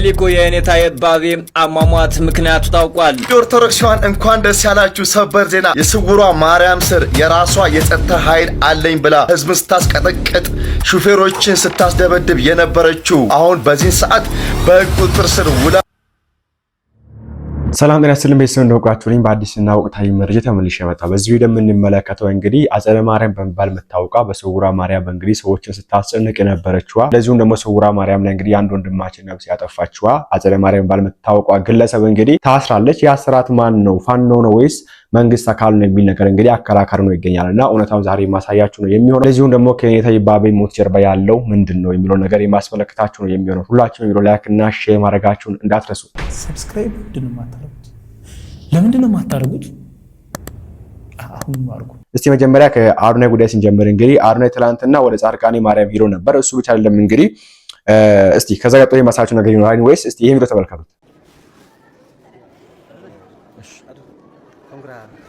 የሊቁ የኔታ የባቤ አሟሟት ምክንያቱ ታውቋል። የኦርቶዶክሳውያን እንኳን ደስ ያላችሁ። ሰበር ዜና የስውሯ ማርያም ስር የራሷ የጸጥታ ኃይል አለኝ ብላ ህዝብን ስታስቀጠቅጥ፣ ሹፌሮችን ስታስደበድብ የነበረችው አሁን በዚህ ሰዓት በህግ ቁጥጥር ስር ውላ ሰላም ጤና ይስጥልኝ ቤተሰብ እንደወቃችሁልኝ በአዲስና ወቅታዊ መረጃ ተመልሼ መጣሁ። በዚህ ቪዲዮ የምንመለከተው እንግዲህ አጸደ ማርያም በመባል የምታወቀው በስውሯ ማርያም እንግዲህ ሰዎችን ስታስጨንቅ የነበረችዋ እንደዚሁም ደግሞ ስውሯ ማርያም ላይ እንግዲህ አንድ ወንድማችን ነብስ ያጠፋችዋ አጸደ ማርያም በመባል የምታወቀው ግለሰብ እንግዲህ ታስራለች። የአስራት ማን ነው? ፋኖ ነው ወይስ መንግስት አካል ነው የሚል ነገር እንግዲህ አከራከር ነው ይገኛል እና እውነታውን ዛሬ የማሳያችሁ ነው የሚሆነው። ለዚሁም ደግሞ ከኔታ ይባቤ ሞት ጀርባ ያለው ምንድን ነው የሚለው ነገር የማስመለከታችሁ ነው የሚሆነው። ሁላችሁ የሚለው ላይክ እና ሼር ማድረጋችሁን እንዳትረሱ። ሰብስክራይብ ለምንድን ነው የማታደርጉት? እስቲ መጀመሪያ ከአዶናይ ጉዳይ ስንጀምር እንግዲህ አዶናይ ትላንትና ወደ ጻድቃኔ ማርያም ሄዶ ነበር። እሱ ብቻ አይደለም እንግዲህ እስቲ ከዛ ቀጥሎ የማሳያችሁ ነገር ይኖራል። ወይስ እስቲ ይሄን ቪዲዮ ተመልከቱት።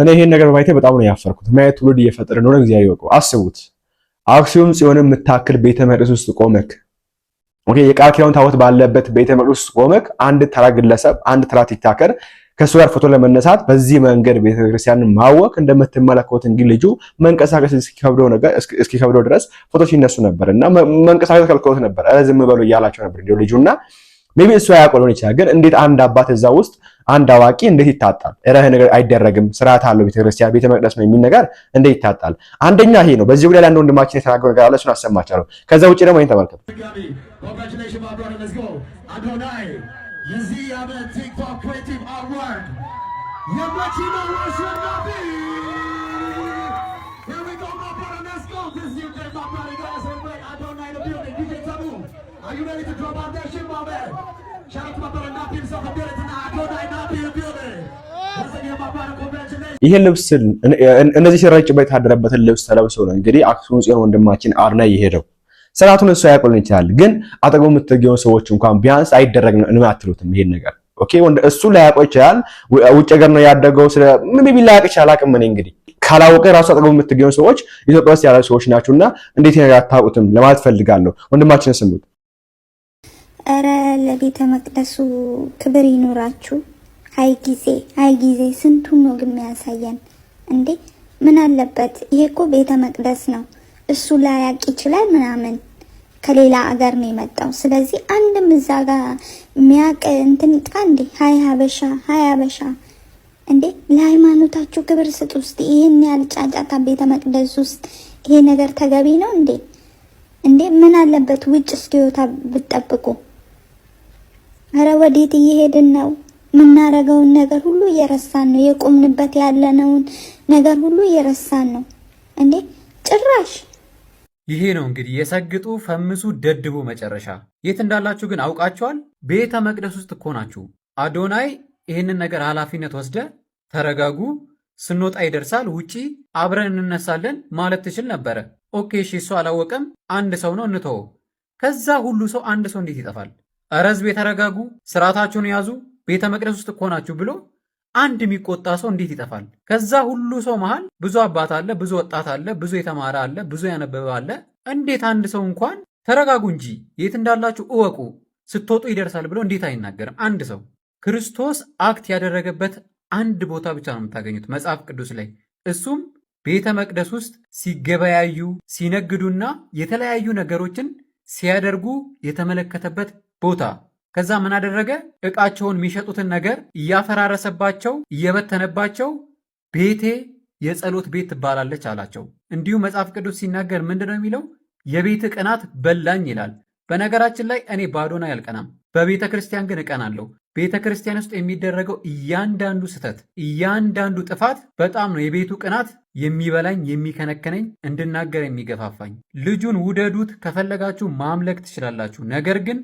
እኔ ይሄን ነገር በማየቴ በጣም ነው ያፈርኩት። ማየት ትውልድ እየፈጠረ ነው እግዚአብሔር ይወቀው። አስቡት፣ አክሲዮን ጽዮንን የምታክል ቤተ መቅደስ ውስጥ ቆመክ፣ ኦኬ፣ የቃል ኪዳኑን ታቦት ባለበት ቤተ መቅደስ ውስጥ ቆመክ፣ አንድ ተራ ግለሰብ፣ አንድ ተራ ቲክቶከር ከእሱ ጋር ፎቶ ለመነሳት በዚህ መንገድ ቤተክርስቲያንን ማወቅ እንደምትመለከቱት እንግዲህ ልጁ መንቀሳቀስ እስኪከብደው ነገር እስኪከብደው ድረስ ፎቶ ሲነሱ ነበር እና መንቀሳቀስ ከልክሎት ነበር። ኧረ ዝም በሉ እያላቸው ነበር ልጁ እና ሜቢ እሱ ያቆ ሊሆን ይችላል። ግን እንዴት አንድ አባት እዛ ውስጥ አንድ አዋቂ እንዴት ይታጣል? ረህ ነገር አይደረግም። ስርዓት አለው ቤተክርስቲያን፣ ቤተ መቅደስ ነው የሚል ነገር እንዴት ይታጣል? አንደኛ ይሄ ነው። በዚህ ጉዳይ ላይ አንድ ወንድማችን የተናገሩ ነገር አለ፣ እሱን አሰማቻለሁ። ከዛ ውጭ ደግሞ ይህን ተመልከቱ። የዚህ ቲክቶክ ክሬቲቭ አዋርድ የመኪና አሸናፊ ይህ ልብስ እነዚህ ሲረጭ የታደረበትን ልብስ ተለብሶ ነው እንግዲህ አክሱም ጽዮን ወንድማችን አርና ይሄደው። ስርዓቱን እሱ ያቆልን ይችላል፣ ግን አጠገቡ የምትገኙ ሰዎች እንኳን ቢያንስ አይደረግ ነው አትሉትም። ይሄን ነገር ኦኬ፣ እሱ ላያቆ ይችላል። ውጭ ሀገር ነው ያደገው። ስለ ምን ቢል ላያቅ ይችላል። አቅም እኔ እንግዲህ ካላወቀ ራሱ አጠገቡ የምትገኙ ሰዎች ኢትዮጵያ ውስጥ ያሉ ሰዎች ናችሁና እንዴት ነገር አታውቁትም ለማለት ፈልጋለሁ። ወንድማችን ስሙት። እረ ለቤተ መቅደሱ ክብር ይኖራችሁ። አይ ጊዜ አይ ጊዜ ስንቱን ነው ግን የሚያሳየን እንዴ! ምን አለበት? ይሄ እኮ ቤተ መቅደስ ነው። እሱ ላያቅ ይችላል ምናምን ከሌላ አገር ነው የመጣው። ስለዚህ አንድም እዛ ጋ የሚያቅ እንትን ይጥቃ እንዴ! ሀይ ሀበሻ ሀይ ሀበሻ እንዴ! ለሃይማኖታችሁ ክብር ስጡ ውስጥ ይህን ያህል ጫጫታ ቤተ መቅደስ ውስጥ ይሄ ነገር ተገቢ ነው እንዴ? እንዴ ምን አለበት? ውጭ እስኪወጣ ብትጠብቁ እረ ወዴት እየሄድን ነው? የምናረገውን ነገር ሁሉ እየረሳን ነው። የቆምንበት ያለነውን ነገር ሁሉ እየረሳን ነው እንዴ ጭራሽ። ይሄ ነው እንግዲህ የሰግጡ ፈምሱ ደድቡ መጨረሻ። የት እንዳላችሁ ግን አውቃችኋል። ቤተ መቅደስ ውስጥ እኮ ናችሁ። አዶናይ ይህንን ነገር ኃላፊነት ወስደ ተረጋጉ፣ ስንወጣ ይደርሳል፣ ውጪ አብረን እንነሳለን ማለት ትችል ነበረ። ኦኬ እሺ፣ እሱ አላወቀም። አንድ ሰው ነው እንተወው። ከዛ ሁሉ ሰው አንድ ሰው እንዴት ይጠፋል? እረ ህዝብ የተረጋጉ፣ ስርዓታችሁን የያዙ ቤተ መቅደስ ውስጥ እኮ ናችሁ ብሎ አንድ የሚቆጣ ሰው እንዴት ይጠፋል? ከዛ ሁሉ ሰው መሃል ብዙ አባት አለ፣ ብዙ ወጣት አለ፣ ብዙ የተማረ አለ፣ ብዙ ያነበበ አለ። እንዴት አንድ ሰው እንኳን ተረጋጉ እንጂ የት እንዳላችሁ እወቁ፣ ስትወጡ ይደርሳል ብሎ እንዴት አይናገርም? አንድ ሰው ክርስቶስ አክት ያደረገበት አንድ ቦታ ብቻ ነው የምታገኙት መጽሐፍ ቅዱስ ላይ እሱም ቤተ መቅደስ ውስጥ ሲገበያዩ ሲነግዱና የተለያዩ ነገሮችን ሲያደርጉ የተመለከተበት ቦታ ከዛ ምን አደረገ? እቃቸውን የሚሸጡትን ነገር እያፈራረሰባቸው እየበተነባቸው ቤቴ የጸሎት ቤት ትባላለች አላቸው። እንዲሁም መጽሐፍ ቅዱስ ሲናገር ምንድን ነው የሚለው? የቤት ቅናት በላኝ ይላል። በነገራችን ላይ እኔ ባዶና ያልቀናም፣ በቤተ ክርስቲያን ግን እቀናለሁ። ቤተ ክርስቲያን ውስጥ የሚደረገው እያንዳንዱ ስህተት፣ እያንዳንዱ ጥፋት በጣም ነው የቤቱ ቅናት የሚበላኝ የሚከነከነኝ፣ እንድናገር የሚገፋፋኝ። ልጁን ውደዱት፣ ከፈለጋችሁ ማምለክ ትችላላችሁ፣ ነገር ግን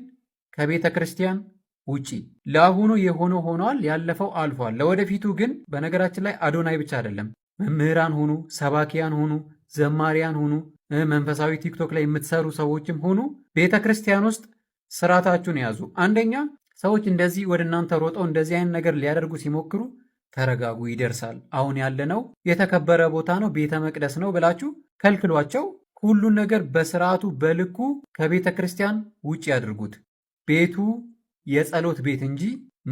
ከቤተ ክርስቲያን ውጪ ለአሁኑ የሆነ ሆኗል፣ ያለፈው አልፏል። ለወደፊቱ ግን በነገራችን ላይ አዶናይ ብቻ አይደለም። መምህራን ሁኑ፣ ሰባኪያን ሁኑ፣ ዘማሪያን ሁኑ፣ መንፈሳዊ ቲክቶክ ላይ የምትሰሩ ሰዎችም ሁኑ ቤተ ክርስቲያን ውስጥ ስርዓታችሁን ያዙ። አንደኛ ሰዎች እንደዚህ ወደ እናንተ ሮጠው እንደዚህ አይነት ነገር ሊያደርጉ ሲሞክሩ ተረጋጉ፣ ይደርሳል፣ አሁን ያለነው የተከበረ ቦታ ነው፣ ቤተ መቅደስ ነው ብላችሁ ከልክሏቸው። ሁሉን ነገር በስርዓቱ በልኩ ከቤተ ክርስቲያን ውጭ ያድርጉት። ቤቱ የጸሎት ቤት እንጂ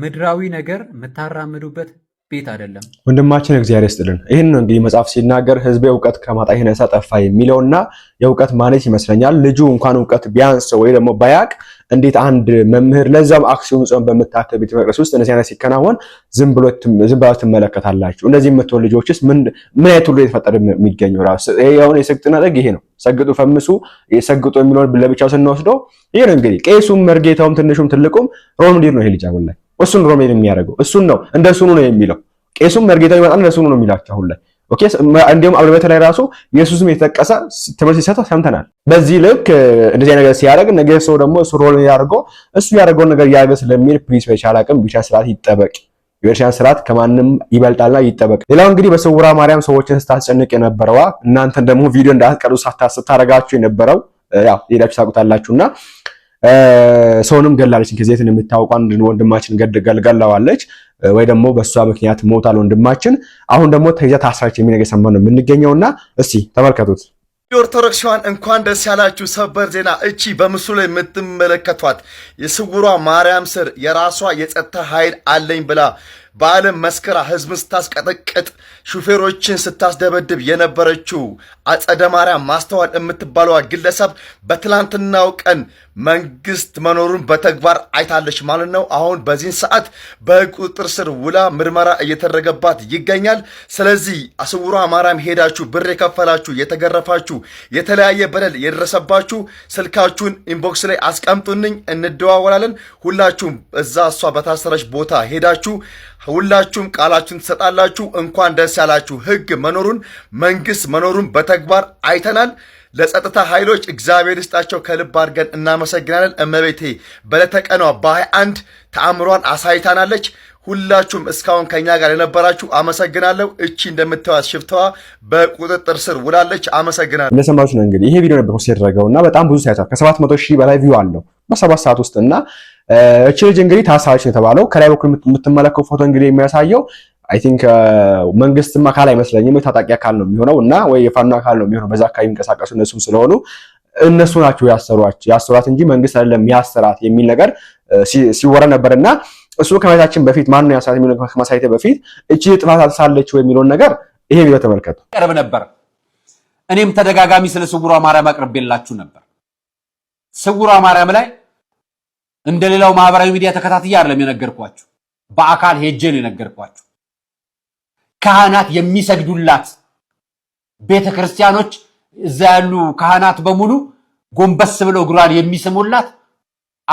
ምድራዊ ነገር ምታራምዱበት ቤት አይደለም። ወንድማችን እግዚአብሔር ይስጥልን። ይህን ነው እንግዲህ መጽሐፍ ሲናገር ህዝቤ እውቀት ከማጣ የተነሳ ጠፋ የሚለውና የእውቀት ማነስ ይመስለኛል። ልጁ እንኳን እውቀት ቢያንስ ወይ ደግሞ ባያቅ እንዴት አንድ መምህር ለዛም አክሲዮን ጾም በምታከል ቤተ መቅደስ ውስጥ እነዚህ አይነት ሲከናወን ዝም ብሎ ዝም ብላችሁ ትመለከታላችሁ። እንደዚህ የምትሆን ልጆችስ ምን ምን አይነት ሁሉ የተፈጠረ የሚገኘው ራሱ ይሄውን የስግጥና ጠግ ይሄ ነው። ሰግጡ ፈምሱ የሰግጡ የሚለውን ለብቻው ስንወስደው ይሄ ነው እንግዲህ ቄሱም መርጌታውም ትንሹም ትልቁም ሮም ዲር ነው ይሄ ልጅ አሁን ላይ እሱን ሮሜን የሚያደርገው እሱን ነው እንደ እሱኑ ነው የሚለው። ቄሱም መርጌታ ይመጣል እንደ እሱኑ ነው የሚላቸው አሁን ላይ ኦኬ። እንዲሁም አብረቤት ላይ ራሱ ኢየሱስም የተጠቀሰ ትምህርት ሲሰጥ ሰምተናል። በዚህ ልክ እንደዚህ ነገር ሲያደርግ ነገ ሰው ደግሞ እሱ ሮል ያደርገው እሱ ያደርገውን ነገር ያደርገ ስለሚል ፕሪንስ በቻለ አቅም ቤተክርስቲያን ስርዓት ይጠበቅ። የቤተክርስቲያን ስርዓት ከማንም ይበልጣልና ይጠበቅ። ሌላው እንግዲህ በስውራ ማርያም ሰዎችን ስታስጨንቅ የነበረዋ እናንተን ደግሞ ቪዲዮ እንዳትቀዱ ስታረጋችሁ የነበረው ያው ሄዳችሁ ታውቁታላችሁና ሰውንም ገላለች። ከዜትን የምታውቋ ወንድማችን ገለዋለች ወይ ደግሞ በእሷ ምክንያት ሞታል ወንድማችን። አሁን ደግሞ ተይዛ ታስራች የሚነገ ነገር ነው የምንገኘውና እስቲ ተመልከቱት። የኦርቶዶክሳውያን እንኳን ደስ ያላችሁ። ሰበር ዜና እቺ በምስሉ ላይ የምትመለከቷት የስውሯ ማርያም ስር የራሷ የጸጥታ ኃይል አለኝ ብላ በዓለም መስከራ ህዝብን ስታስቀጠቅጥ ሹፌሮችን ስታስደበድብ የነበረችው አጸደ ማርያም ማስተዋል የምትባለዋ ግለሰብ በትላንትናው ቀን መንግስት መኖሩን በተግባር አይታለች ማለት ነው። አሁን በዚህን ሰዓት በህግ ቁጥጥር ስር ውላ ምርመራ እየተደረገባት ይገኛል። ስለዚህ አስውሯ ማርያም ሄዳችሁ ብር የከፈላችሁ፣ የተገረፋችሁ፣ የተለያየ በደል የደረሰባችሁ ስልካችሁን ኢንቦክስ ላይ አስቀምጡንኝ፣ እንደዋወላለን። ሁላችሁም እዛ እሷ በታሰረች ቦታ ሄዳችሁ ሁላችሁም ቃላችሁን ትሰጣላችሁ። እንኳን ደስ ያላችሁ። ህግ መኖሩን መንግስት መኖሩን በተግባር አይተናል። ለጸጥታ ኃይሎች እግዚአብሔር ይስጣቸው ከልብ አድርገን እናመሰግናለን። እመቤቴ በለተቀኗ በሃያ አንድ ተአምሯን አሳይታናለች። ሁላችሁም እስካሁን ከኛ ጋር የነበራችሁ አመሰግናለሁ። እቺ እንደምታዩት ሽፍተዋ በቁጥጥር ስር ውላለች። አመሰግናለሁ። እንደሰማችሁ ነው እንግዲህ ይሄ ቪዲዮ ነበር ፖስት እና በጣም ብዙ ሳይቷል ከሰባት መቶ ሺህ በላይ ቪው አለው በሰባት ሰዓት ውስጥ እና እቺ ልጅ እንግዲህ ታሳሪች የተባለው። ከላይ በኩል የምትመለከው ፎቶ እንግዲህ የሚያሳየው አይ ቲንክ መንግስትም አካል አይመስለኝም ታጣቂ አካል ነው የሚሆነው እና ወይ የፋኖ አካል ነው የሚሆነው በዛ አካባቢ የሚንቀሳቀሱ እነሱም ስለሆኑ እነሱ ናቸው ያሰሯቸው ያሰሯት እንጂ መንግስት አይደለም ያሰራት የሚል ነገር ሲወራ ነበር እና እሱ ከመታችን በፊት ማን ነው ያሰራት የሚለው ከማሳየት በፊት እቺ ጥፋት አልሳለች ወይ የሚለውን ነገር ይሄ ቪዲዮ ተመልከቱ ቀርብ ነበር። እኔም ተደጋጋሚ ስለ ስውሯ ማርያም አቅርቤላችሁ ነበር። ስውሯ ማርያም ላይ እንደ ሌላው ማህበራዊ ሚዲያ ተከታትዬ አይደለም የነገርኳችሁ፣ በአካል ሄጄ ነው የነገርኳችሁ። ካህናት የሚሰግዱላት ቤተ ክርስቲያኖች እዛ ያሉ ካህናት በሙሉ ጎንበስ ብለው እግሯን የሚስሙላት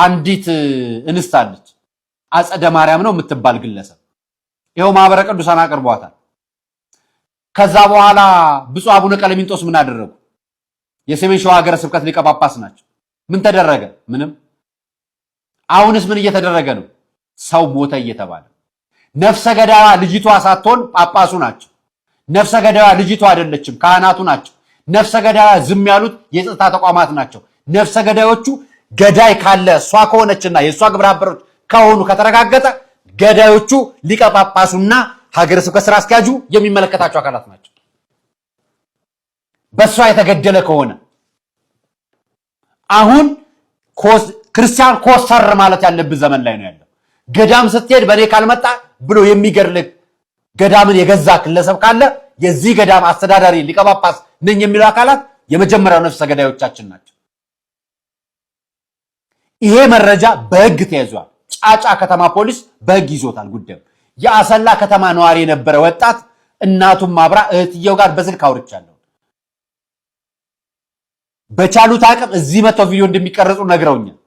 አንዲት እንስት አለች። አጸደ ማርያም ነው የምትባል ግለሰብ። ይኸው ማህበረ ቅዱሳን አቅርቧታል። ከዛ በኋላ ብፁዕ አቡነ ቀለሚንጦስ ምን አደረጉ? የሰሜን ሸዋ ሀገረ ስብከት ሊቀ ጳጳስ ናቸው። ምን ተደረገ? ምንም አሁንስ ምን እየተደረገ ነው? ሰው ሞተ እየተባለ ነፍሰ ገዳዋ ልጅቷ ሳትሆን ጳጳሱ ናቸው። ነፍሰ ገዳዋ ልጅቷ አይደለችም፣ ካህናቱ ናቸው። ነፍሰ ገዳዋ ዝም ያሉት የጸጥታ ተቋማት ናቸው። ነፍሰ ገዳዮቹ ገዳይ ካለ እሷ ከሆነችና የእሷ ግብረ አበሮች ከሆኑ ከተረጋገጠ ገዳዮቹ ሊቀ ጳጳሱና ሀገረ ስብከት ስራ አስኪያጁ የሚመለከታቸው አካላት ናቸው። በእሷ የተገደለ ከሆነ አሁን ክርስቲያን ኮስተር ማለት ያለብህ ዘመን ላይ ነው ያለው። ገዳም ስትሄድ በእኔ ካልመጣ ብሎ የሚገድልህ ገዳምን የገዛ ግለሰብ ካለ የዚህ ገዳም አስተዳዳሪ ሊቀጳጳስ ነኝ የሚሉ አካላት የመጀመሪያው ነፍሰ ገዳዮቻችን ናቸው። ይሄ መረጃ በህግ ተይዟል። ጫጫ ከተማ ፖሊስ በህግ ይዞታል። ጉዳዩ የአሰላ ከተማ ነዋሪ የነበረ ወጣት እናቱም አብራ እህትየው ጋር በስልክ አውርቻለሁ። በቻሉት አቅም እዚህ መጥተው ቪዲዮ እንደሚቀርጹ ነግረውኛል።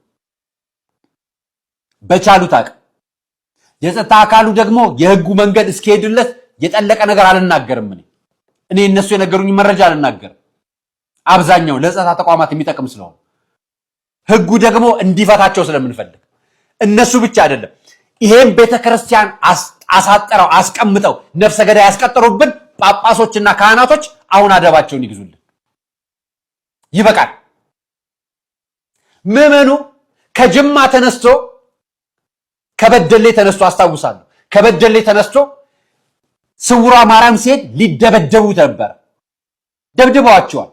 በቻሉት አቅም የጸጥታ አካሉ ደግሞ የህጉ መንገድ እስኪሄድለት የጠለቀ ነገር አልናገርም። እኔ እኔ እነሱ የነገሩኝ መረጃ አልናገርም። አብዛኛው ለጸጥታ ተቋማት የሚጠቅም ስለሆነ ህጉ ደግሞ እንዲፈታቸው ስለምንፈልግ እነሱ ብቻ አይደለም። ይሄን ቤተክርስቲያን አሳጠረው አስቀምጠው ነፍሰ ገዳይ ያስቀጠሩብን ጳጳሶችና ካህናቶች አሁን አደባቸውን ይግዙልን። ይበቃል። ምዕመኑ ከጅማ ተነስቶ ከበደሌ ተነስቶ አስታውሳለሁ። ከበደሌ ተነስቶ ስውሯ ማርያም ሲሄድ ሊደበደቡት ነበር፣ ደብድበዋቸዋል።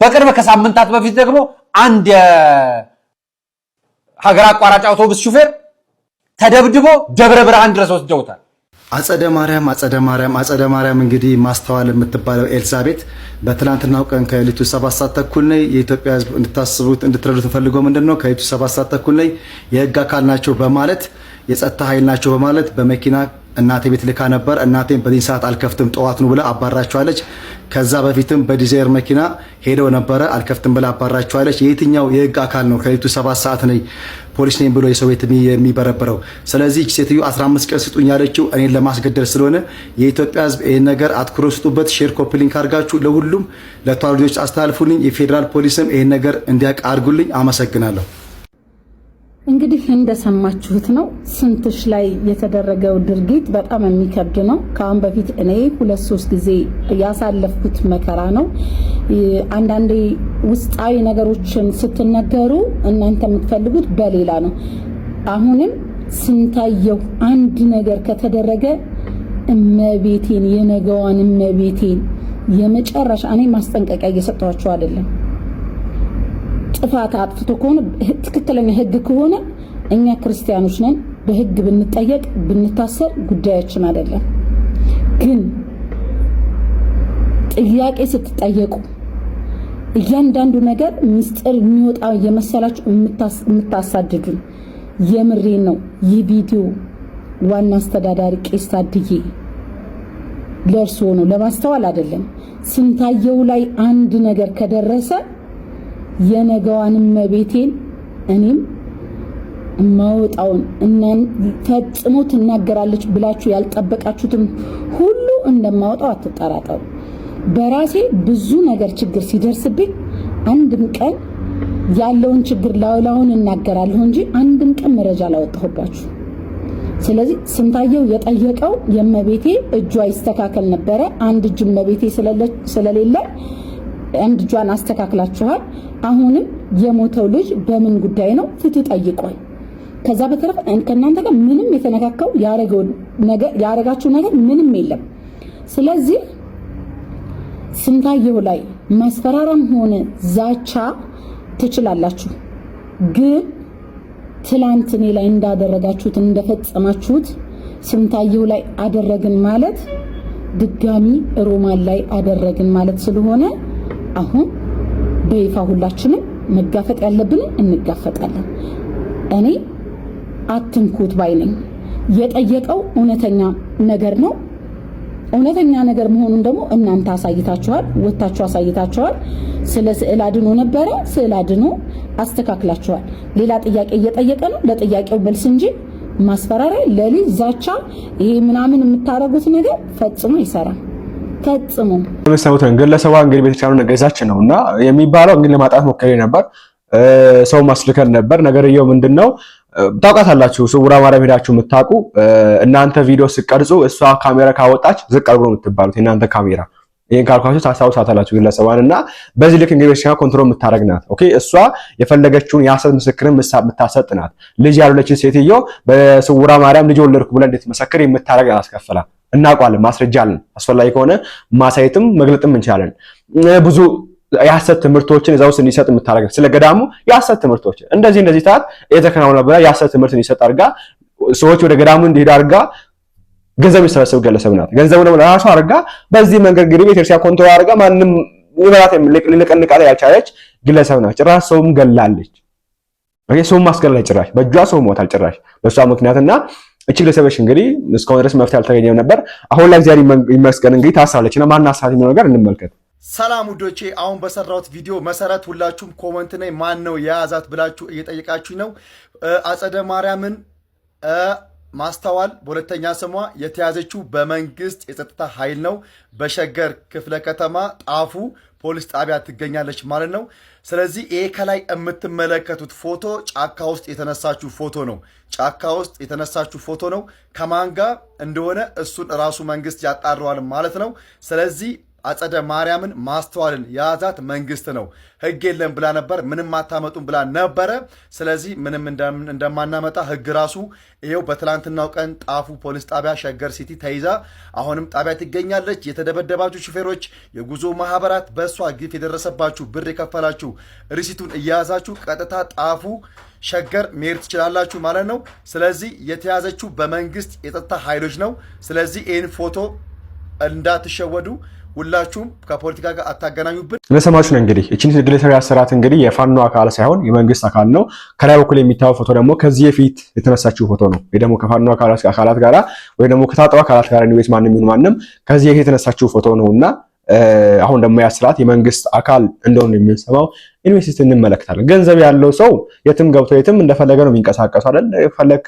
በቅርብ ከሳምንታት በፊት ደግሞ አንድ የሀገር አቋራጭ አውቶቡስ ሹፌር ተደብድቦ ደብረ ብርሃን ድረስ ወስደውታል። አጸደ ማርያም አጸደ ማርያም አጸደ ማርያም እንግዲህ ማስተዋል የምትባለው ኤልዛቤት በትላንትናው ቀን ከሌሊቱ ሰባት ሰዓት ተኩል ላይ የኢትዮጵያ ሕዝብ እንድታስቡት እንድትረዱ ተፈልጎ ምንድን ነው ከሌሊቱ ሰባት ሰዓት ተኩል ላይ የህግ አካል ናቸው በማለት የጸጥታ ኃይል ናቸው በማለት በመኪና እናቴ ቤት ልካ ነበር። እናቴም በዚህ ሰዓት አልከፍትም ጠዋት ነው ብላ አባራቸዋለች። ከዛ በፊትም በዲዛይር መኪና ሄደው ነበረ አልከፍትም ብላ አባራቸዋለች። የየትኛው የህግ አካል ነው ከሌሊቱ ሰባት ሰዓት ላይ ፖሊስ ነኝ ብሎ የሰው ቤት የሚበረበረው። ስለዚህ ይህች ሴትዮ 15 ቀን ስጡኝ ያለችው እኔን ለማስገደል ስለሆነ የኢትዮጵያ ሕዝብ ይህን ነገር አትኩሮ ስጡበት። ሼር ኮፕሊንክ አድርጋችሁ ለሁሉም ለተዋልጆች አስተላልፉልኝ። የፌዴራል ፖሊስም ይህን ነገር እንዲያውቅ አድርጉልኝ። አመሰግናለሁ። እንግዲህ እንደሰማችሁት ነው። ስንትሽ ላይ የተደረገው ድርጊት በጣም የሚከብድ ነው። ከአሁን በፊት እኔ ሁለት ሶስት ጊዜ ያሳለፍኩት መከራ ነው። አንዳንዴ ውስጣዊ ነገሮችን ስትነገሩ እናንተ የምትፈልጉት በሌላ ነው። አሁንም ስንታየው አንድ ነገር ከተደረገ እመቤቴን፣ የነገዋን እመቤቴን የመጨረሻ እኔ ማስጠንቀቂያ እየሰጠኋቸው አይደለም ጥፋት አጥፍቶ ከሆነ ትክክለኛ ህግ ከሆነ እኛ ክርስቲያኖች ነን በህግ ብንጠየቅ ብንታሰር ጉዳያችን አይደለም። ግን ጥያቄ ስትጠየቁ እያንዳንዱ ነገር ምስጢር የሚወጣ የመሰላችሁ የምታሳድዱን፣ የምሬ ነው። ይህ ቪዲዮ ዋና አስተዳዳሪ ቄስ ታድዬ ለእርስዎ ነው፣ ለማስተዋል አይደለም። ስንታየው ላይ አንድ ነገር ከደረሰ የነገዋን መቤቴን እኔም ማወጣውን ፈጽሞ ትናገራለች ብላችሁ ያልጠበቃችሁትም ሁሉ እንደማወጣው አትጠራጠሩ። በራሴ ብዙ ነገር ችግር ሲደርስብኝ አንድም ቀን ያለውን ችግር ላውላውን እናገራለሁ እንጂ አንድም ቀን መረጃ ላወጣሁባችሁ። ስለዚህ ስንታየው የጠየቀው የእመቤቴ እጇ ይስተካከል ነበረ። አንድ እጅ እመቤቴ ስለሌለ አንድ እጇን አስተካክላችኋል። አሁንም የሞተው ልጅ በምን ጉዳይ ነው ፍትህ ጠይቋል። ከዛ በተረፈ ከእናንተ ጋር ምንም የተነካካው ያደረጋችሁ ነገር ምንም የለም። ስለዚህ ስንታየው ላይ ማስፈራራም ሆነ ዛቻ ትችላላችሁ፣ ግን ትላንት እኔ ላይ እንዳደረጋችሁት እንደፈጸማችሁት ስንታየው ላይ አደረግን ማለት ድጋሚ ሮማን ላይ አደረግን ማለት ስለሆነ አሁን በይፋ ሁላችንም መጋፈጥ ያለብንን እንጋፈጣለን። እኔ አትንኩት ባይ ነኝ። የጠየቀው እውነተኛ ነገር ነው። እውነተኛ ነገር መሆኑን ደግሞ እናንተ አሳይታችኋል፣ ወታችሁ አሳይታችኋል። ስለ ስዕል አድኖ ነበረ፣ ስዕል አድኖ አስተካክላችኋል። ሌላ ጥያቄ እየጠየቀ ነው፣ ለጥያቄው መልስ እንጂ ማስፈራሪያ፣ ለልጅ ዛቻ፣ ይሄ ምናምን የምታደርጉት ነገር ፈጽሞ አይሰራም። ፈጽሞ የምትሰሙትን ግለሰቧ እንግዲህ ቤተክርስቲያኑን ገዛች ነው እና የሚባለው እንግዲህ ለማጣት ሞከሬ ነበር። ሰው ማስልከል ነበር። ነገርየው ምንድን ነው? ታውቃታላችሁ። ስውራ ማርያም ሄዳችሁ የምታውቁ እናንተ ቪዲዮ ስቀርጹ እሷ ካሜራ ካወጣች ዝቅ አድርጎ ነው የምትባሉት የእናንተ ካሜራ። ይህን ካልኳችሁ ታስታውሳታላችሁ ግለሰቧን እና በዚህ ልክ እንግዲህ ቤተክርስቲያን ኮንትሮል የምታደርግ ናት። ኦኬ እሷ የፈለገችውን የሐሰት ምስክርን የምታሰጥ ናት። ልጅ ያልወለደች ሴትዮ በስውራ ማርያም ልጅ ወለድኩ ብላ እንድትመሰክር የምታደርግ አስከፍላ እናውቀዋለን፣ ማስረጃ አለን። አስፈላጊ ከሆነ ማሳየትም መግለጥም እንችላለን። ብዙ የሐሰት ትምህርቶችን እዛ ውስጥ እንዲሰጥ የምታደርገው ስለ ገዳሙ የሐሰት ትምህርቶችን እንደዚህ እንደዚህ ታት የተከናወነ ብላ የሐሰት ትምህርት እንዲሰጥ አድርጋ ሰዎች ወደ ገዳሙ እንዲሄድ አድርጋ ገንዘብ የሚሰበስብ ገለሰብ ናት። ገንዘቡ ደግሞ ለራሱ አድርጋ በዚህ መንገድ እንግዲህ ቤተክርስቲያን ኮንትሮል አድርጋ ማንም ሊበላት ሊነቀንቃት ያልቻለች ግለሰብ ናት። ጭራሽ ሰውም ገላለች። ሰውም አስገላለች። ጭራሽ በእጇ ሰው ሞታል ጭራሽ በእሷ ምክንያትና እቺ ግለሰበች እንግዲህ እስካሁን ድረስ መፍትሄ አልተገኘም ነበር። አሁን ላይ እግዚአብሔር ይመስገን እንግዲህ ታስራለች እና ማን አስራት የሚለው ነገር እንመልከት። ሰላም ውዶቼ፣ አሁን በሰራሁት ቪዲዮ መሰረት ሁላችሁም ኮመንት ላይ ማን ነው የያዛት ብላችሁ እየጠየቃችሁኝ ነው። አጸደ ማርያምን ማስተዋል በሁለተኛ ስሟ የተያዘችው በመንግስት የጸጥታ ኃይል ነው። በሸገር ክፍለ ከተማ ጣፉ ፖሊስ ጣቢያ ትገኛለች ማለት ነው። ስለዚህ ይሄ ከላይ የምትመለከቱት ፎቶ ጫካ ውስጥ የተነሳችሁ ፎቶ ነው። ጫካ ውስጥ የተነሳችሁ ፎቶ ነው። ከማን ጋር እንደሆነ እሱን ራሱ መንግስት ያጣረዋል ማለት ነው። ስለዚህ አጸደ ማርያምን ማስተዋልን የያዛት መንግስት ነው። ህግ የለም ብላ ነበር። ምንም አታመጡም ብላ ነበረ። ስለዚህ ምንም እንደማናመጣ ህግ ራሱ ይኸው በትላንትናው ቀን ጣፉ ፖሊስ ጣቢያ ሸገር ሲቲ ተይዛ አሁንም ጣቢያ ትገኛለች። የተደበደባችሁ ሹፌሮች፣ የጉዞ ማህበራት በእሷ ግፍ የደረሰባችሁ ብር የከፈላችሁ ሪሲቱን እያያዛችሁ ቀጥታ ጣፉ ሸገር መሄድ ትችላላችሁ ማለት ነው። ስለዚህ የተያዘችው በመንግስት የጸጥታ ኃይሎች ነው። ስለዚህ ይህን ፎቶ እንዳትሸወዱ ሁላችሁም ከፖለቲካ ጋር አታገናኙብን። ስለሰማችሁ ነው እንግዲህ እችን ግለሰብ ያሰራት እንግዲህ የፋኖ አካል ሳይሆን የመንግስት አካል ነው። ከላይ በኩል የሚታየው ፎቶ ደግሞ ከዚህ የፊት የተነሳችው ፎቶ ነው። ወይ ደግሞ ከፋኖ አካላት ጋር ወይ ደግሞ ከታጠው አካላት ጋር ኒቤት ማንም ይሁን ማንም ከዚህ የፊት የተነሳችው ፎቶ ነው እና አሁን ደግሞ ያስራት የመንግስት አካል እንደሆነ የምንሰማው ኢንቨስት እንመለከታለን። ገንዘብ ያለው ሰው የትም ገብቶ የትም እንደፈለገ ነው የሚንቀሳቀሱ አይደል? ፈለክ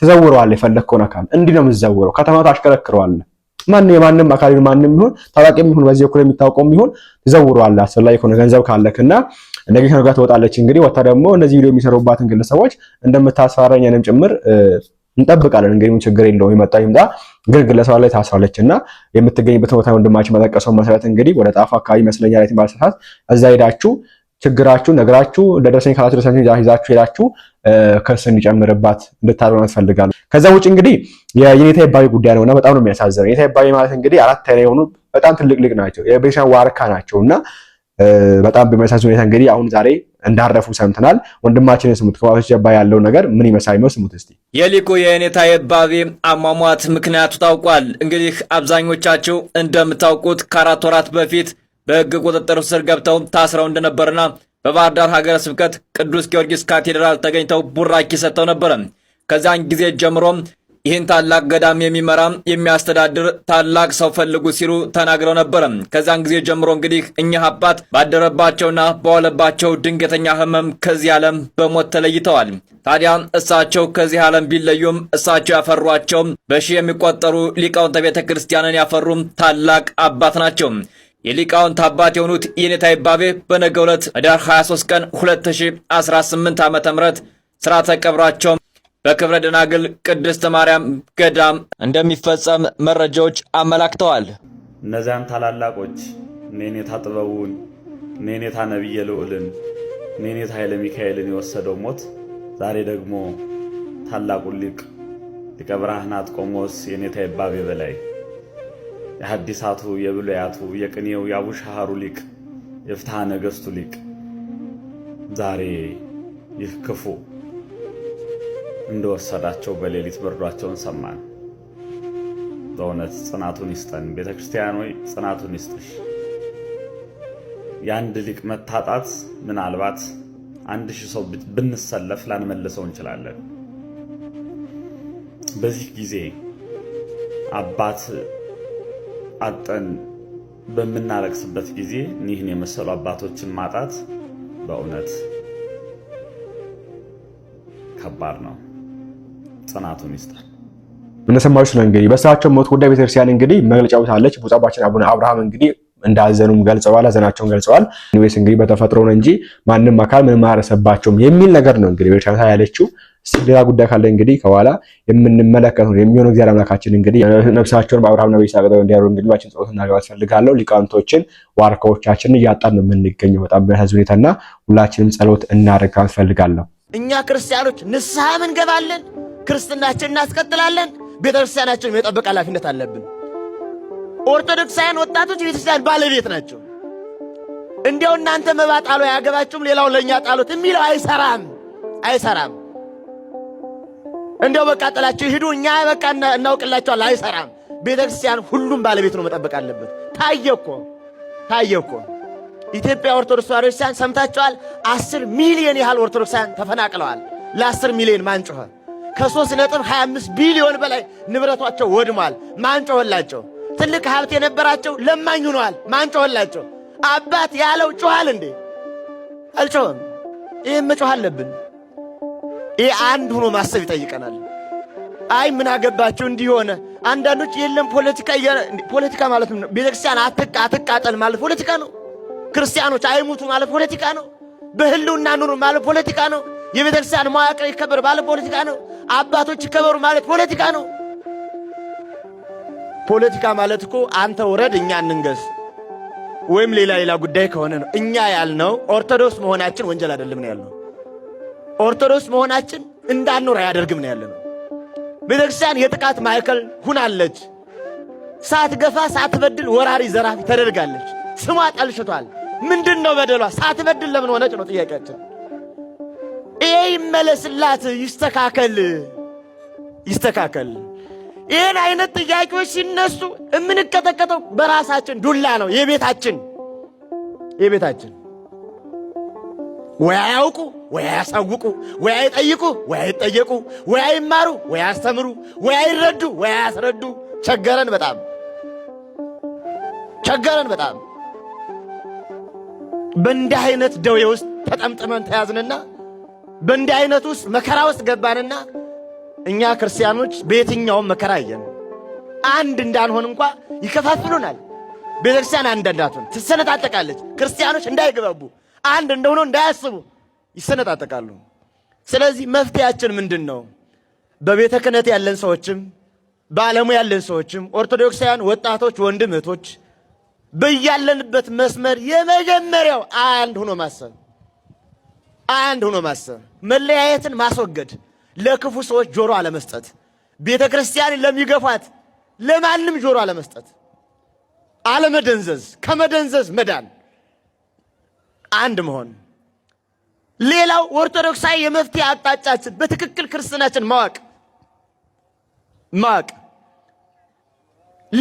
ትዘውረዋለህ። የፈለግከውን አካል እንዲህ ነው የምትዘውረው። ከተማ ታሽከረክረዋለህ። ማን የማንም አካል ማንም ይሁን ታዋቂ የሚሆን በዚህ እኩል የሚታወቀው ቢሆን ትዘውረዋለህ። አስፈላጊ ከሆነ ገንዘብ ካለክና ነገ ከነገ ትወጣለች። እንግዲህ ወታ ደግሞ እነዚህ ቪዲዮ የሚሰሩባትን ግለሰቦች እንደምታስፈራረኝ እኔም ጭምር እንጠብቃለን። እንግዲህ ምን ችግር የለውም፣ ይመጣ ይምጣ። ግን ግለሰባ ላይ ታስራለች እና የምትገኝበት ቦታ ወንድማችን መጠቀሰው መሰረት እንግዲህ ወደ ጣፋ አካባቢ መስለኛ ላይ ባለሰዓት እዛ ሄዳችሁ ችግራችሁ ነግራችሁ ደረሰኝ ካላችሁ ደረሰኝ ይዛችሁ ሄዳችሁ ክስ እንዲጨምርባት እንድታደሆነ ትፈልጋሉ። ከዛ ውጭ እንግዲህ የኔታ ይባቤ ጉዳይ ነውና በጣም ነው የሚያሳዝነው። የኔታ ይባቤ ማለት እንግዲህ አራት አይነት የሆኑ በጣም ትልቅ ልቅ ናቸው፣ የቤተሰብ ዋርካ ናቸው እና በጣም በሚያሳዝ ሁኔታ እንግዲህ አሁን ዛሬ እንዳረፉ ሰምተናል። ወንድማችን ስሙት። ከባቶች ጀባ ያለው ነገር ምን ይመስላል የሚለው ስሙት እስቲ። የሊቁ የኔታ የባቤ አሟሟት ምክንያቱ ታውቋል። እንግዲህ አብዛኞቻችሁ እንደምታውቁት ከአራት ወራት በፊት በሕግ ቁጥጥር ስር ገብተው ታስረው እንደነበርና በባህር ዳር ሀገረ ስብከት ቅዱስ ጊዮርጊስ ካቴድራል ተገኝተው ቡራኪ ሰጥተው ነበረ። ከዚያን ጊዜ ጀምሮም ይህን ታላቅ ገዳም የሚመራ የሚያስተዳድር ታላቅ ሰው ፈልጉ ሲሉ ተናግረው ነበረ። ከዚያን ጊዜ ጀምሮ እንግዲህ እኚህ አባት ባደረባቸውና በዋለባቸው ድንገተኛ ህመም ከዚህ ዓለም በሞት ተለይተዋል። ታዲያ እሳቸው ከዚህ ዓለም ቢለዩም እሳቸው ያፈሯቸው በሺህ የሚቆጠሩ ሊቃውንተ ቤተ ክርስቲያንን ያፈሩም ታላቅ አባት ናቸው። የሊቃውንት አባት የሆኑት የኔታ ይባቤ በነገ ዕለት ህዳር 23 ቀን 2018 ዓ ም ስርዓተ ቀብራቸውም በክብረ ደናግል ቅድስት ማርያም ገዳም እንደሚፈጸም መረጃዎች አመላክተዋል። እነዚያን ታላላቆች ኔኔታ ጥበቡን፣ ኔኔታ ነቢየ ልዑልን፣ ኔኔታ ኃይለ ሚካኤልን የወሰደው ሞት ዛሬ ደግሞ ታላቁን ሊቅ ሊቀ ብርሃናት ቆሞስ የኔታ ይባቤ በላይ የሐዲሳቱ የብሉያቱ የቅኔው የአቡሻሃሩ ሊቅ የፍትሐ ነገሥቱ ሊቅ ዛሬ ይህ ክፉ እንደወሰዳቸው በሌሊት በርዷቸውን ሰማን። በእውነት ጽናቱን ይስጠን። ቤተ ክርስቲያን ሆይ ጽናቱን ይስጥሽ። የአንድ ሊቅ መታጣት ምናልባት አንድ ሺህ ሰው ብንሰለፍ ላንመልሰው እንችላለን። በዚህ ጊዜ አባት አጠን በምናለቅስበት ጊዜ ይህን የመሰሉ አባቶችን ማጣት በእውነት ከባድ ነው። ጽናቱን ይስጣል። እንደሰማችሁ ነው እንግዲህ በእሳቸው ሞት ጉዳይ ቤተክርስቲያን እንግዲህ መግለጫ ወጥታለች። ብፁዕ አባታችን አቡነ አብርሃም እንግዲህ እንዳዘኑም ገልጸዋል፣ ሀዘናቸውን ገልጸዋል። ኒዌስ እንግዲህ በተፈጥሮ ነው እንጂ ማንም አካል ምንም አያረሰባቸውም የሚል ነገር ነው እንግዲህ ቤተክርስቲያን ያለችው። ሌላ ጉዳይ ካለ እንግዲህ ከኋላ የምንመለከተው የሚሆነው እግዚአብሔር አምላካችን እንግዲህ ነፍሳቸውን በአብርሃምና በይስሐቅ እንዲያሩ እንድልባችን ጸሎት እናገባት ፈልጋለሁ። ሊቃውንቶችን ዋርካዎቻችን እያጣን ነው የምንገኘው በጣም በሚያሳዝን ሁኔታ እና ሁላችንም ጸሎት እናደርግ ፈልጋለሁ። እኛ ክርስቲያኖች ንስሐም እንገባለን፣ ክርስትናችን እናስቀጥላለን። ቤተክርስቲያናችን የጠበቅ ኃላፊነት አለብን። ኦርቶዶክሳውያን ወጣቶች የቤተክርስቲያን ባለቤት ናቸው። እንዲያው እናንተ መባ ጣሉ አያገባችሁም፣ ሌላው ለእኛ ጣሉት የሚለው አይሰራም አይሰራም። እንዲያው በቃ ጥላቸው ይሄዱ፣ እኛ በቃ እናውቅላቸዋል። አይሰራም። ቤተ ክርስቲያን ሁሉም ባለቤት ነው፣ መጠበቅ አለበት። ታየ እኮ ታየ እኮ ኢትዮጵያ ኦርቶዶክስ ተዋሕዶ ክርስቲያን ሰምታችኋል። አስር ሚሊዮን ያህል ኦርቶዶክሳን ተፈናቅለዋል። ለአስር ሚሊዮን ማን ከ325 ነጥብ 25 ቢሊዮን በላይ ንብረቷቸው ወድሟል። ማን ትልቅ ሀብት የነበራቸው ለማኝ ሆነዋል። ማን አባት ያለው ጮኋል እንዴ? አልጮኸም። ይህም መጮህ አለብን። ይህ አንድ ሆኖ ማሰብ ይጠይቀናል። አይ ምን አገባቸው እንዲህ ሆነ። አንዳንዶች የለም ፖለቲካ ፖለቲካ ማለት ነው። ቤተክርስቲያን አትቃጠል ማለት ፖለቲካ ነው። ክርስቲያኖች አይሙቱ ማለት ፖለቲካ ነው። በህልውና ኑሩ ማለት ፖለቲካ ነው። የቤተክርስቲያን መዋቅር ይከበር ማለት ፖለቲካ ነው። አባቶች ይከበሩ ማለት ፖለቲካ ነው። ፖለቲካ ማለት እኮ አንተ ውረድ እኛ እንንገስ ወይም ሌላ ሌላ ጉዳይ ከሆነ ነው። እኛ ያልነው ኦርቶዶክስ መሆናችን ወንጀል አይደለም ነው ያልነው። ኦርቶዶክስ መሆናችን እንዳንኖር አያደርግም ነው ያለነው። ቤተ ክርስቲያን የጥቃት ማዕከል ሁናለች። ሳትገፋ ሳትበድል ወራሪ ዘራፊ ተደርጋለች። ስሟ ጠልሽቷል። ምንድን ነው በደሏ? ሳትበድል ለምን ሆነች ነው ጥያቄያችን። ይሄ ይመለስላት፣ ይስተካከል፣ ይስተካከል። ይህን አይነት ጥያቄዎች ሲነሱ የምንቀጠቀጠው በራሳችን ዱላ ነው። የቤታችን የቤታችን ወይ አያውቁ ወይ አያሳውቁ፣ ወይ አይጠይቁ፣ ወይ አይጠየቁ፣ ወይ አይማሩ፣ ወይ አያስተምሩ፣ ወይ አይረዱ፣ ወይ አያስረዱ። ቸገረን በጣም ቸገረን በጣም። በእንዲህ አይነት ደዌ ውስጥ ተጠምጥመን ተያዝንና በእንዲህ አይነት ውስጥ መከራ ውስጥ ገባንና እኛ ክርስቲያኖች በየትኛውም መከራ አየን አንድ እንዳንሆን እንኳ ይከፋፍሉናል። ቤተክርስቲያን አንድ እንዳትሆን ትሰነጣጠቃለች። ክርስቲያኖች እንዳይግባቡ አንድ እንደሆነ እንዳያስቡ ይሰነጣጠቃሉ። ስለዚህ መፍትሄያችን ምንድን ነው? በቤተ ክህነት ያለን ሰዎችም በዓለሙ ያለን ሰዎችም ኦርቶዶክሳውያን ወጣቶች፣ ወንድም እህቶች በያለንበት መስመር የመጀመሪያው አንድ ሆኖ ማሰብ፣ አንድ ሆኖ ማሰብ፣ መለያየትን ማስወገድ፣ ለክፉ ሰዎች ጆሮ አለመስጠት፣ ቤተ ክርስቲያን ለሚገፋት ለማንም ጆሮ አለመስጠት፣ አለመደንዘዝ፣ ከመደንዘዝ መዳን፣ አንድ መሆን ሌላው ኦርቶዶክሳዊ የመፍትሄ አቅጣጫችን በትክክል ክርስትናችን ማወቅ ማወቅ።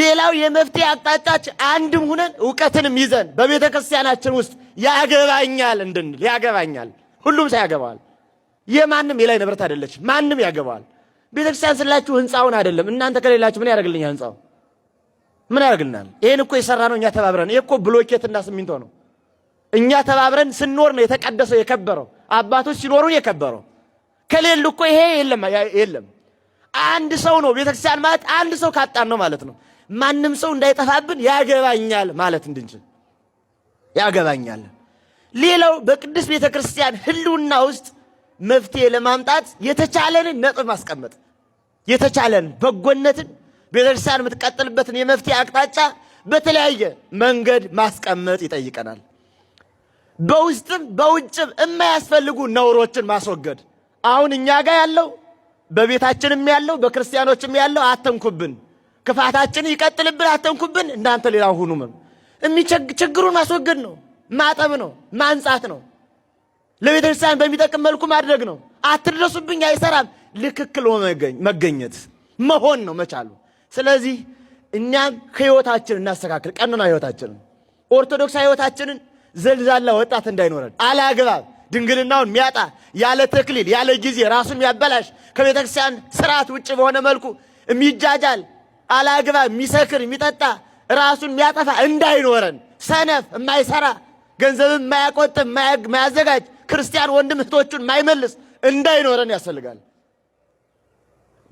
ሌላው የመፍትሄ አቅጣጫች አንድም ሁነን እውቀትንም ይዘን በቤተ ክርስቲያናችን ውስጥ ያገባኛል እንድንል ያገባኛል። ሁሉም ሰው ያገባዋል። የማንም የላይ ንብረት አይደለች። ማንም ያገባዋል። ቤተ ክርስቲያን ስላችሁ ህንፃውን አይደለም። እናንተ ከሌላችሁ ምን ያደርግልኛል? ህንፃው ምን ያደርግልናል? ይህን እኮ የሰራ ነው እኛ ተባብረን። ይህ እኮ ብሎኬትና ስሚንቶ ነው። እኛ ተባብረን ስንኖር ነው የተቀደሰው የከበረው። አባቶች ሲኖሩ የከበረው ከሌሉ እኮ ይሄ የለም አንድ ሰው ነው ቤተክርስቲያን ማለት አንድ ሰው ካጣን ነው ማለት ነው። ማንም ሰው እንዳይጠፋብን ያገባኛል ማለት እንድንችል ያገባኛል። ሌላው በቅዱስ ቤተክርስቲያን ህልውና ውስጥ መፍትሄ ለማምጣት የተቻለንን ነጥብ ማስቀመጥ የተቻለን በጎነትን ቤተክርስቲያን የምትቀጥልበትን የመፍትሄ አቅጣጫ በተለያየ መንገድ ማስቀመጥ ይጠይቀናል። በውስጥም በውጭም የማያስፈልጉ ነውሮችን ማስወገድ። አሁን እኛ ጋር ያለው በቤታችንም ያለው በክርስቲያኖችም ያለው አተንኩብን፣ ክፋታችን ይቀጥልብን፣ አተንኩብን፣ እናንተ ሌላ ሁኑም ችግሩን ማስወገድ ነው፣ ማጠብ ነው፣ ማንጻት ነው፣ ለቤተ ክርስቲያን በሚጠቅም መልኩ ማድረግ ነው። አትድረሱብኝ፣ አይሰራም። ልክክል መገኘት መሆን ነው መቻሉ። ስለዚህ እኛም ከህይወታችን እናስተካክል፣ ቀኖና ህይወታችንን ኦርቶዶክሳዊ ህይወታችንን ዘልዛላ ወጣት እንዳይኖረን አላግባብ ድንግልናውን ሚያጣ ያለ ተክሊል ያለ ጊዜ ራሱን የሚያበላሽ ከቤተ ክርስቲያን ስርዓት ውጭ በሆነ መልኩ የሚጃጃል አላግባብ የሚሰክር የሚጠጣ ራሱን የሚያጠፋ እንዳይኖረን ሰነፍ የማይሰራ ገንዘብን የማያቆጥብ የማያዘጋጅ ክርስቲያን ወንድም እህቶቹን የማይመልስ እንዳይኖረን ያስፈልጋል።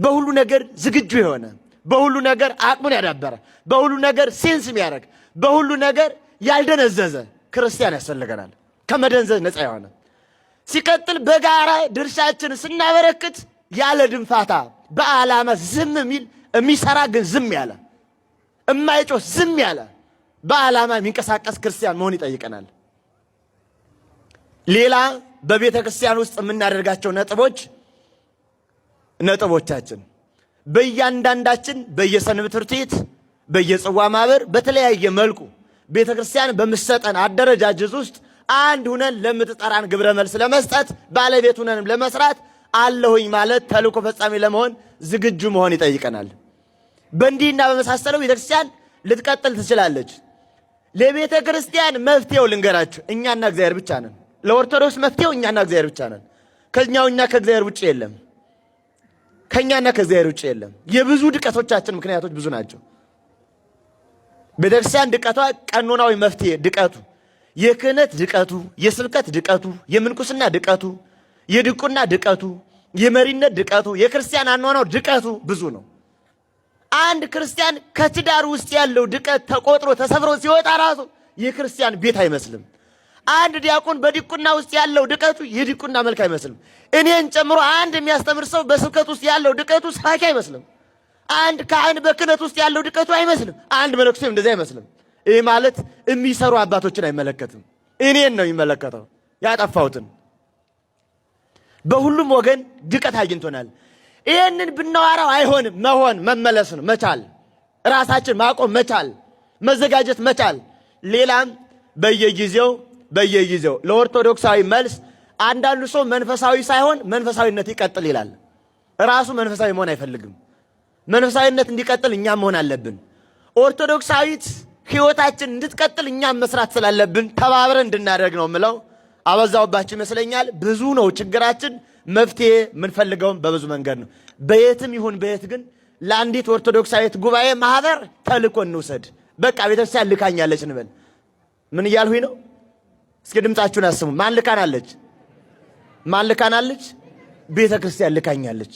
በሁሉ ነገር ዝግጁ የሆነ በሁሉ ነገር አቅሙን ያዳበረ በሁሉ ነገር ሴንስ የሚያደርግ በሁሉ ነገር ያልደነዘዘ ክርስቲያን ያስፈልገናል፣ ከመደንዘዝ ነፃ የሆነ ሲቀጥል፣ በጋራ ድርሻችን ስናበረክት ያለ ድንፋታ በዓላማ ዝም የሚል የሚሰራ ግን ዝም ያለ እማይጮህ ዝም ያለ በዓላማ የሚንቀሳቀስ ክርስቲያን መሆን ይጠይቀናል። ሌላ በቤተ ክርስቲያን ውስጥ የምናደርጋቸው ነጥቦች ነጥቦቻችን በእያንዳንዳችን በየሰንበት ትምህርት ቤት በየጽዋ ማህበር በተለያየ መልኩ ቤተ ክርስቲያን በምሰጠን አደረጃጀት ውስጥ አንድ ሁነን ለምትጠራን ግብረ መልስ ለመስጠት ባለቤት ሁነንም ለመስራት አለሁኝ ማለት ተልእኮ ፈጻሚ ለመሆን ዝግጁ መሆን ይጠይቀናል። በእንዲህና በመሳሰለው ቤተ ክርስቲያን ልትቀጥል ትችላለች። ለቤተ ክርስቲያን መፍትሄው ልንገራችሁ፣ እኛና እግዚአብሔር ብቻ ነን። ለኦርቶዶክስ መፍትሄው እኛና እግዚአብሔር ብቻ ነን። ከኛው እኛ ከእግዚአብሔር ውጭ የለም። ከእኛና ከእግዚአብሔር ውጭ የለም። የብዙ ድቀቶቻችን ምክንያቶች ብዙ ናቸው። ቤተክርስቲያን ድቀቷ ቀኖናዊ መፍትሄ ድቀቱ፣ የክህነት ድቀቱ፣ የስብከት ድቀቱ፣ የምንኩስና ድቀቱ፣ የድቁና ድቀቱ፣ የመሪነት ድቀቱ፣ የክርስቲያን አኗኗር ድቀቱ ብዙ ነው። አንድ ክርስቲያን ከትዳር ውስጥ ያለው ድቀት ተቆጥሮ ተሰፍሮ ሲወጣ ራሱ የክርስቲያን ቤት አይመስልም። አንድ ዲያቆን በዲቁና ውስጥ ያለው ድቀቱ የዲቁና መልክ አይመስልም። እኔን ጨምሮ አንድ የሚያስተምር ሰው በስብከት ውስጥ ያለው ድቀቱ ሳኪ አይመስልም። አንድ ካህን በክህነት ውስጥ ያለው ድቀቱ አይመስልም። አንድ መነኩሴም እንደዚህ አይመስልም። ይህ ማለት የሚሰሩ አባቶችን አይመለከትም። እኔን ነው የሚመለከተው፣ ያጠፋሁትን። በሁሉም ወገን ድቀት አግኝቶናል። ይህንን ብናዋራው አይሆንም። መሆን መመለስ ነው መቻል፣ ራሳችን ማቆም መቻል፣ መዘጋጀት መቻል። ሌላም በየጊዜው በየጊዜው ለኦርቶዶክሳዊ መልስ አንዳንዱ ሰው መንፈሳዊ ሳይሆን መንፈሳዊነት ይቀጥል ይላል። ራሱ መንፈሳዊ መሆን አይፈልግም። መንፈሳዊነት እንዲቀጥል እኛም መሆን አለብን። ኦርቶዶክሳዊት ህይወታችን እንድትቀጥል እኛም መስራት ስላለብን ተባብረን እንድናደርግ ነው ምለው አበዛውባችሁ ይመስለኛል። ብዙ ነው ችግራችን። መፍትሄ የምንፈልገውም በብዙ መንገድ ነው። በየትም ይሁን በየት ግን ለአንዲት ኦርቶዶክሳዊት ጉባኤ ማህበር ተልእኮ እንውሰድ። በቃ ቤተክርስቲያን ልካኛለች እንበል። ምን እያልሁኝ ነው? እስኪ ድምፃችሁን አስሙ። ማን ልካናለች? ማን ልካናለች? ቤተክርስቲያን ልካኛለች።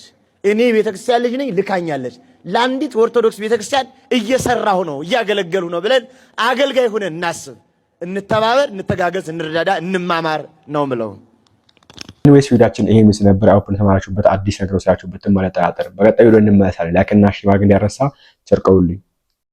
እኔ ቤተክርስቲያን ልጅ ነኝ፣ ልካኛለች። ለአንዲት ኦርቶዶክስ ቤተክርስቲያን እየሰራሁ ነው እያገለገሉ ነው ብለን አገልጋይ ሆነን እናስብ፣ እንተባበር፣ እንተጋገዝ፣ እንረዳዳ፣ እንማማር ነው ምለው። ኢንዌስ ቪዲዮአችን ይሄ ምስል ነበር። አሁን ተማራችሁበት አዲስ ነገር ስላችሁበት ማለጠራጠር በቀጣዩ እንመለሳለን። ላይክና ሽማግ እንዲያረሳ ቸርቀውልኝ